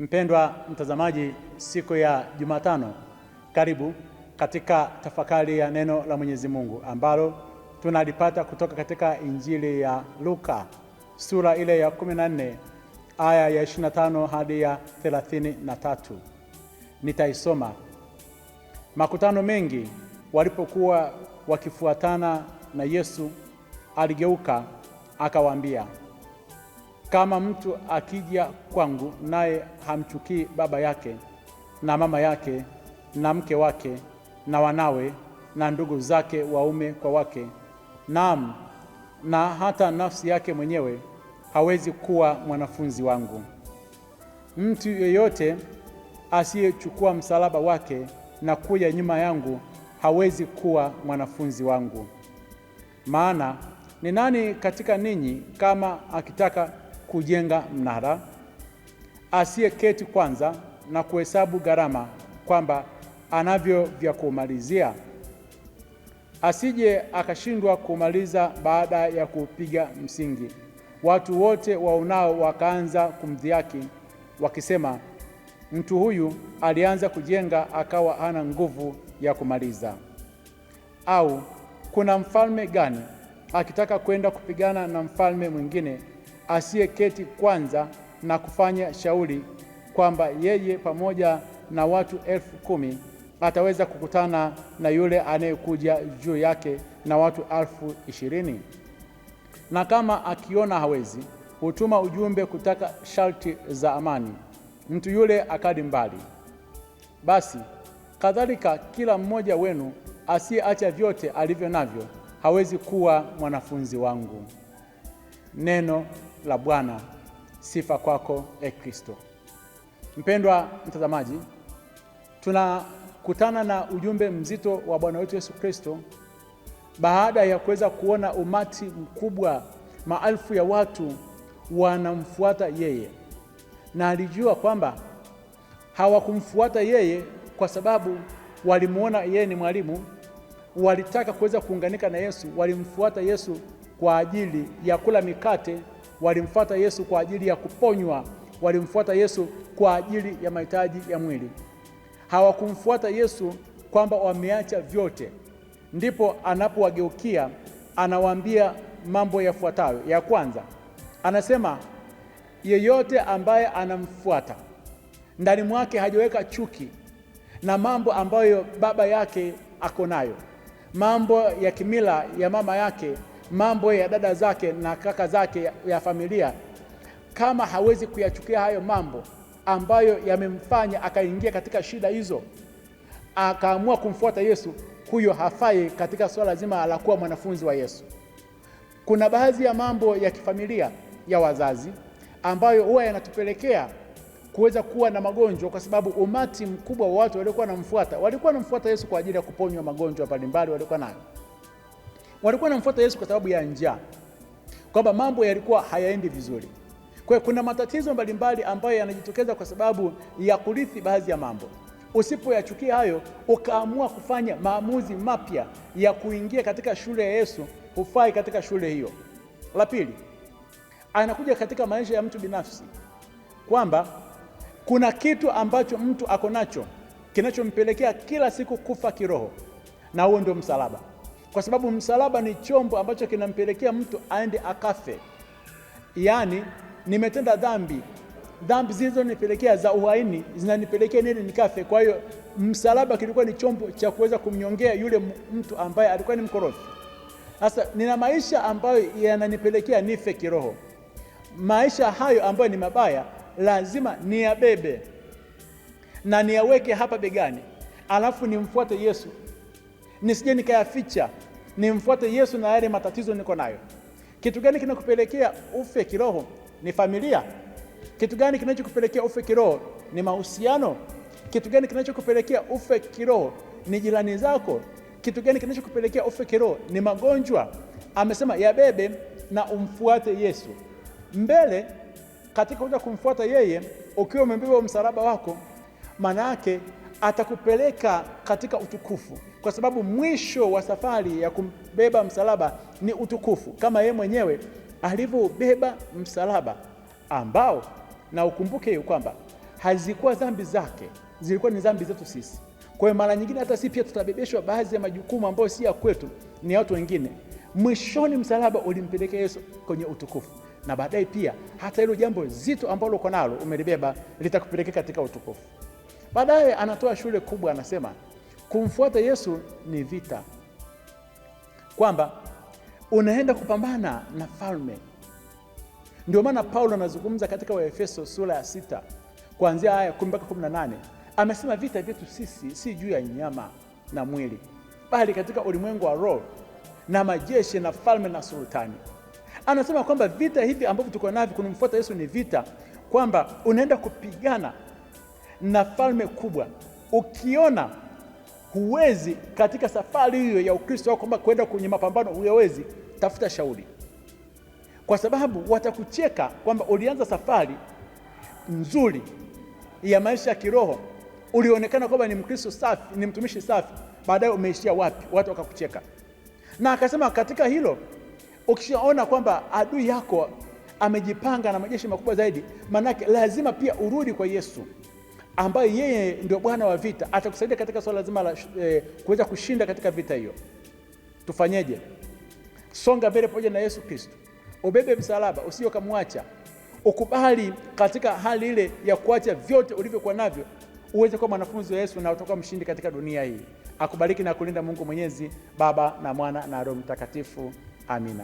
Mpendwa mtazamaji, siku ya Jumatano, karibu katika tafakari ya neno la Mwenyezi Mungu ambalo tunalipata kutoka katika Injili ya Luka sura ile ya 14 aya ya 25 hadi ya 33. Nitaisoma. Makutano mengi walipokuwa wakifuatana na Yesu, aligeuka akawaambia kama mtu akija kwangu naye hamchukii baba yake na mama yake na mke wake na wanawe na ndugu zake waume kwa wake, naam, na hata nafsi yake mwenyewe, hawezi kuwa mwanafunzi wangu. Mtu yeyote asiyechukua msalaba wake na kuja nyuma yangu hawezi kuwa mwanafunzi wangu. Maana ni nani katika ninyi kama akitaka kujenga mnara, asiyeketi kwanza na kuhesabu gharama kwamba anavyo vya kumalizia, asije akashindwa kumaliza baada ya kupiga msingi, watu wote waonao wakaanza kumdhihaki wakisema, mtu huyu alianza kujenga akawa hana nguvu ya kumaliza. Au kuna mfalme gani akitaka kwenda kupigana na mfalme mwingine asiyeketi kwanza na kufanya shauri kwamba yeye pamoja na watu elfu kumi ataweza kukutana na yule anayekuja juu yake na watu elfu ishirini na kama akiona hawezi, hutuma ujumbe kutaka sharti za amani, mtu yule akadi mbali. Basi kadhalika kila mmoja wenu asiyeacha vyote alivyo navyo hawezi kuwa mwanafunzi wangu. Neno la Bwana. Sifa kwako e Kristo. Mpendwa mtazamaji, tunakutana na ujumbe mzito wa Bwana wetu Yesu Kristo baada ya kuweza kuona umati mkubwa, maelfu ya watu wanamfuata yeye, na alijua kwamba hawakumfuata yeye kwa sababu walimuona yeye ni mwalimu. Walitaka kuweza kuunganika na Yesu, walimfuata Yesu kwa ajili ya kula mikate walimfuata Yesu kwa ajili ya kuponywa, walimfuata Yesu kwa ajili ya mahitaji ya mwili. Hawakumfuata Yesu kwamba wameacha vyote. Ndipo anapowageukia anawaambia mambo yafuatayo. Ya kwanza, anasema yeyote ambaye anamfuata ndani mwake hajaweka chuki na mambo ambayo baba yake ako nayo, mambo ya kimila ya mama yake mambo ya dada zake na kaka zake ya, ya familia, kama hawezi kuyachukia hayo mambo ambayo yamemfanya akaingia katika shida hizo, akaamua kumfuata Yesu, huyo hafai katika swala zima la kuwa mwanafunzi wa Yesu. Kuna baadhi ya mambo ya kifamilia ya wazazi ambayo huwa yanatupelekea kuweza kuwa na magonjwa, kwa sababu umati mkubwa wa watu waliokuwa wanamfuata walikuwa wanamfuata Yesu kwa ajili ya kuponywa magonjwa mbalimbali waliokuwa nayo walikuwa wanamfuata Yesu kwa sababu ya njaa, kwamba mambo yalikuwa hayaendi vizuri. Kwa hiyo kuna matatizo mbalimbali ambayo yanajitokeza kwa sababu ya kurithi baadhi ya mambo. Usipoyachukia hayo ukaamua kufanya maamuzi mapya ya kuingia katika shule ya Yesu, hufai katika shule hiyo. La pili, anakuja katika maisha ya mtu binafsi kwamba kuna kitu ambacho mtu ako nacho kinachompelekea kila siku kufa kiroho, na huo ndio msalaba kwa sababu msalaba ni chombo ambacho kinampelekea mtu aende akafe. Yaani, nimetenda dhambi, dhambi zilizonipelekea za uhaini zinanipelekea nini? Nikafe. Kwa hiyo msalaba kilikuwa ni chombo cha kuweza kumnyongea yule mtu ambaye alikuwa ni mkorofi. Sasa nina maisha ambayo yananipelekea nife kiroho. Maisha hayo ambayo ni mabaya lazima niyabebe na niyaweke hapa begani, alafu nimfuate Yesu, nisije nikayaficha nimfuate Yesu na yale matatizo niko nayo. Kitu gani kinakupelekea ufe kiroho? Ni familia. Kitu gani kinachokupelekea ufe kiroho? Ni mahusiano. Kitu gani kinachokupelekea ufe kiroho? Ni jirani zako. Kitu gani kinachokupelekea ufe kiroho? Ni magonjwa. Amesema yabebe na umfuate Yesu mbele. Katika kuja kumfuata yeye ukiwa umebeba msalaba wako, maana yake atakupeleka katika utukufu, kwa sababu mwisho wa safari ya kubeba msalaba ni utukufu, kama yeye mwenyewe alivyobeba msalaba ambao, na ukumbuke hiyo kwamba hazikuwa dhambi zake, zilikuwa ni dhambi zetu sisi. Kwa hiyo mara nyingine hata sisi pia tutabebeshwa baadhi ya majukumu ambayo si ya kwetu, ni ya watu wengine. Mwishoni msalaba ulimpelekea Yesu kwenye utukufu, na baadaye pia hata hilo jambo zito ambalo uko nalo umelibeba litakupelekea katika utukufu. Baadaye anatoa shule kubwa, anasema kumfuata Yesu ni vita, kwamba unaenda kupambana na falme. Ndio maana Paulo anazungumza katika Waefeso sura ya sita kuanzia aya kumi mpaka kumi na nane amesema vita vyetu sisi si juu ya nyama na mwili, bali katika ulimwengu wa roho na majeshi na falme na sultani. Anasema kwamba vita hivi ambavyo tuko navyo kunamfuata Yesu ni vita, kwamba unaenda kupigana na falme kubwa. Ukiona huwezi katika safari hiyo ya Ukristo wako kwamba kwenda kwenye mapambano huyawezi, tafuta shauri, kwa sababu watakucheka kwamba ulianza safari nzuri ya maisha ya kiroho, ulionekana kwamba ni Mkristo safi, ni mtumishi safi, baadaye umeishia wapi? Watu wakakucheka. Na akasema katika hilo, ukishaona kwamba adui yako amejipanga na majeshi makubwa zaidi, maanake lazima pia urudi kwa Yesu ambaye yeye ndio bwana wa vita, atakusaidia katika swala zima la eh, kuweza kushinda katika vita hiyo. Tufanyeje? Songa mbele pamoja na Yesu Kristo, ubebe msalaba, usije ukamwacha, ukubali katika hali ile ya kuacha vyote ulivyokuwa navyo uweze kuwa mwanafunzi wa Yesu na utakuwa mshindi katika dunia hii. Akubariki na kulinda Mungu Mwenyezi, Baba na Mwana na Roho Mtakatifu. Amina.